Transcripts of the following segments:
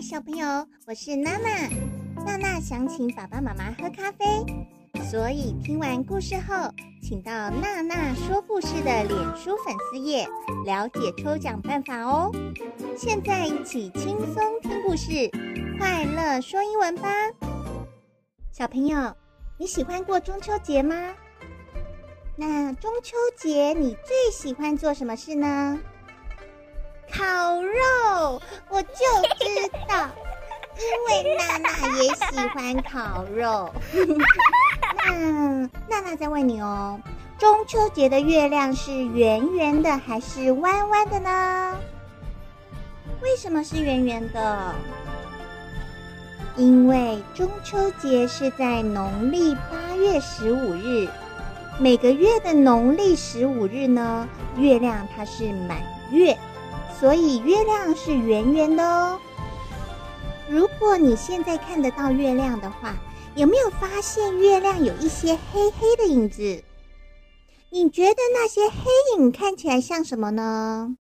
小朋友，我是娜娜。娜娜想請爸爸媽媽喝咖啡，所以聽完故事後，請到娜娜說故事的臉書粉絲頁了解抽獎辦法哦。現在一起輕鬆聽故事，快樂說英文吧。小朋友，你喜歡過中秋節嗎？那中秋節你最喜歡做什麼事呢？烤肉，我就知道，因為娜娜也喜歡烤肉。 那娜娜在問你哦：中秋節的月亮是圓圓的還是彎彎的呢？為什麼是圓圓的？因為中秋節是在農曆八月十五日，每個月的農曆十五日呢，月亮它是滿月。所以月亮是圓圓的哦。如果你現在看得到月亮的話，有沒有發現月亮有一些黑黑的影子？你覺得那些黑影看起來像什麼呢？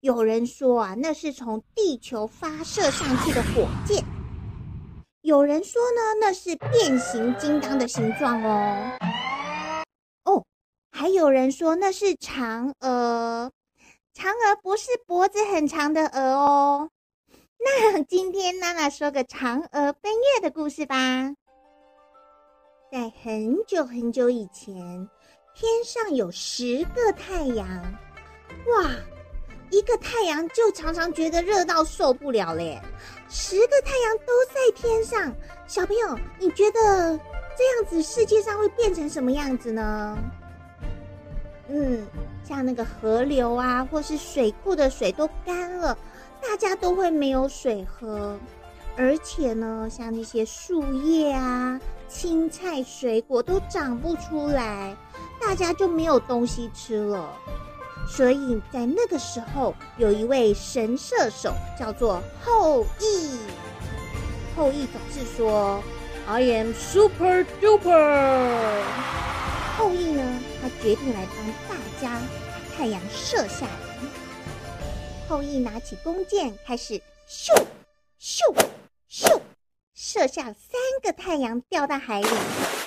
有人說啊，那是從地球發射上去的火箭。有人說呢，那是變形金剛的形狀哦。哦，還有人說那是嫦娥。嫦娥不是脖子很長的鵝哦，那今天娜娜說個嫦娥奔月的故事吧。在很久很久以前，天上有十個太陽，哇，一個太陽就常常覺得熱到受不了嘞。十個太陽都在天上，小朋友，你覺得這樣子世界上會變成什麼樣子呢？嗯，像那個河流啊，或是水庫的水都乾了，大家都會沒有水喝。而且呢，像那些樹葉啊、青菜、水果都長不出來，大家就沒有東西吃了。所以在那個時候，有一位神射手叫做后羿。後羿總是說：“I am super duper。”決定來幫大家，把太陽射下來。後羿拿起弓箭，開始咻、咻、咻，射下三個太陽，掉到海裡。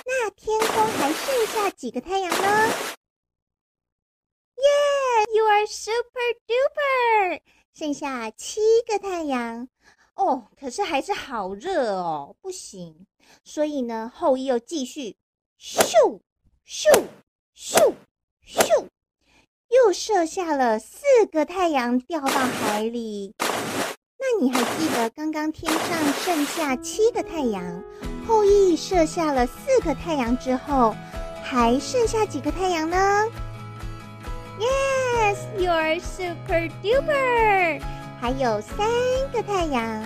那天空還剩下幾個太陽呢？耶、yeah，You are super duper！剩下七個太陽。哦，可是還是好熱哦，不行。所以呢，後羿又繼續咻、咻。射下了四個太陽，掉到海裡。那你還記得剛剛天上剩下七個太陽？后羿射下了四個太陽之後，還剩下幾個太陽呢？Yes, you're super duper！還有三個太陽。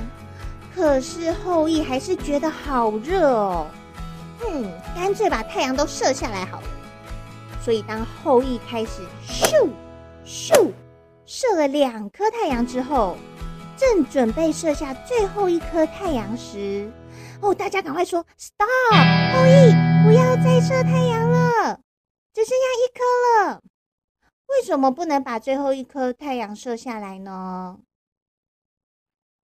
可是後羿還是覺得好熱哦。嗯，乾脆把太陽都射下來好了。所以，當后羿開始咻咻射了兩顆太陽之後，正準備射下最後一顆太陽時，哦，大家趕快說 “stop”，後羿不要再射太陽了，只剩下一顆了。為什麼不能把最後一顆太陽射下來呢？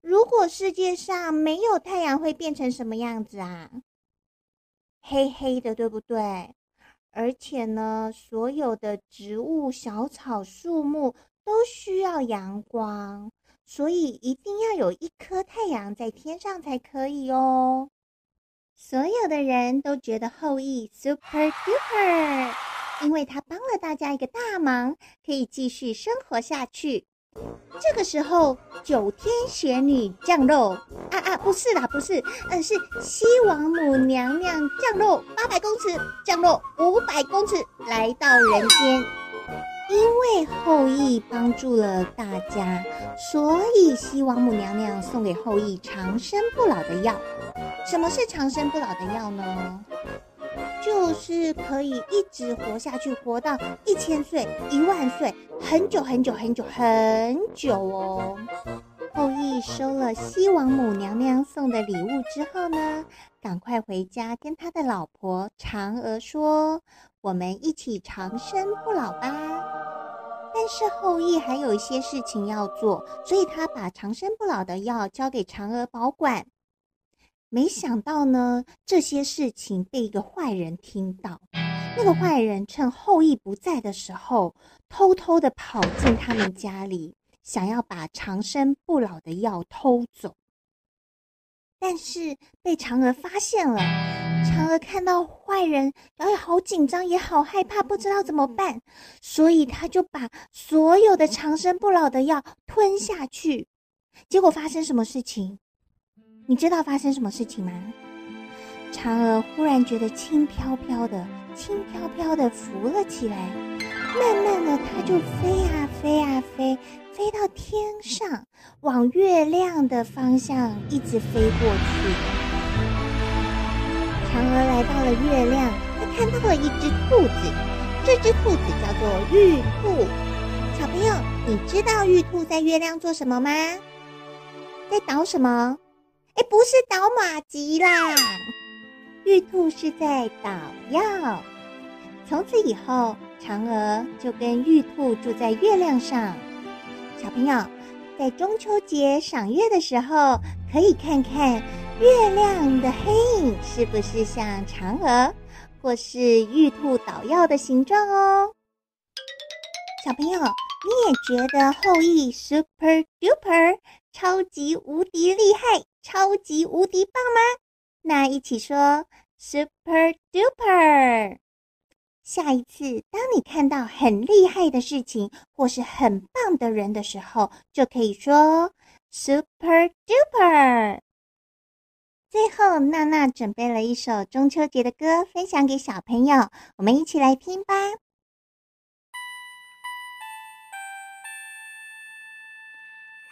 如果世界上沒有太陽，會變成什麼樣子啊？黑黑的，對不對？而且呢，所有的植物、小草、樹木都需要陽光，所以一定要有一顆太陽在天上才可以哦。所有的人都覺得后羿 Super duper，因為他幫了大家一個大忙，可以繼續生活下去。這個時候，九天玄女降落。啊啊，不是啦，不是，嗯、呃，是西王母娘娘降落，八百公尺降落，五百公尺來到人間。因為后羿幫助了大家，所以西王母娘娘送給后羿長生不老的藥。什麼是長生不老的藥呢？就是可以一直活下去，活到一千歲、一萬歲，很久很久很久很久哦。後羿收了西王母娘娘送的禮物之後呢，趕快回家跟他的老婆嫦娥說：“我們一起長生不老吧。”但是後羿還有一些事情要做，所以他把長生不老的藥交給嫦娥保管。沒想到呢，這些事情被一個壞人聽到。那個壞人趁后羿不在的時候，偷偷的跑進他們家裡，想要把長生不老的藥偷走。但是被嫦娥發現了，嫦娥看到壞人，然後也好緊張，也好害怕，不知道怎麼辦，所以她就把所有的長生不老的藥吞下去。結果發生什麼事情？你知道發生什麼事情嗎？嫦娥忽然覺得輕飄飄的，輕飄飄的浮了起來。慢慢的，它就飛呀飛呀飛，飛到天上，往月亮的方向一直飛過去。嫦娥來到了月亮，她看到了一隻兔子，這隻兔子叫做玉兔。小朋友，你知道玉兔在月亮做什麼嗎？在搗什麼？哎，不是搗麻糬啦！玉兔是在搗藥。從此以後，嫦娥就跟玉兔住在月亮上。小朋友，在中秋節賞月的時候，可以看看月亮的黑影是不是像嫦娥或是玉兔搗藥的形狀哦。小朋友，你也覺得后羿 super duper 超級無敵厲害？超級無敵棒嗎？那一起說 Super duper。下一次當你看到很厲害的事情或是很棒的人的時候，就可以說 Super duper。最後，娜娜準備了一首中秋節的歌，分享給小朋友，我們一起來聽吧。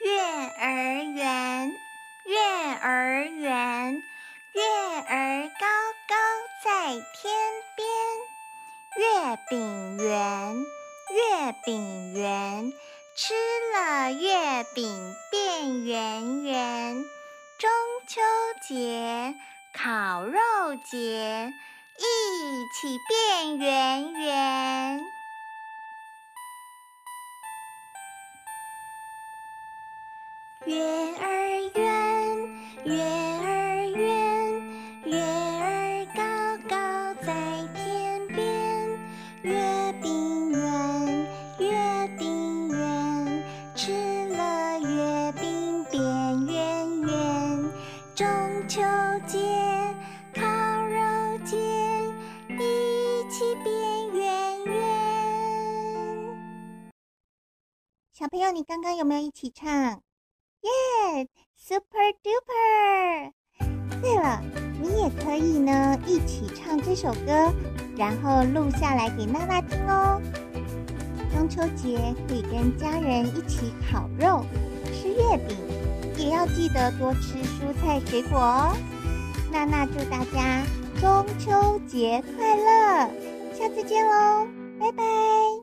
月兒圓。月兒圓，月兒高高在天邊。月餅圓，月餅圓，吃了月餅變圓圓。中秋節，烤肉節，一起變圓圓。圓。節烤肉節，一起變圓圓。小朋友，你剛剛有沒有一起唱？Yes，super、yeah, duper！對了，你也可以呢，一起唱這首歌，然後錄下來給娜娜聽哦。中秋節可以跟家人一起烤肉、吃月餅，也要記得多吃蔬菜水果哦。NaNa 祝大家中秋節快樂，下次見嘍，拜拜。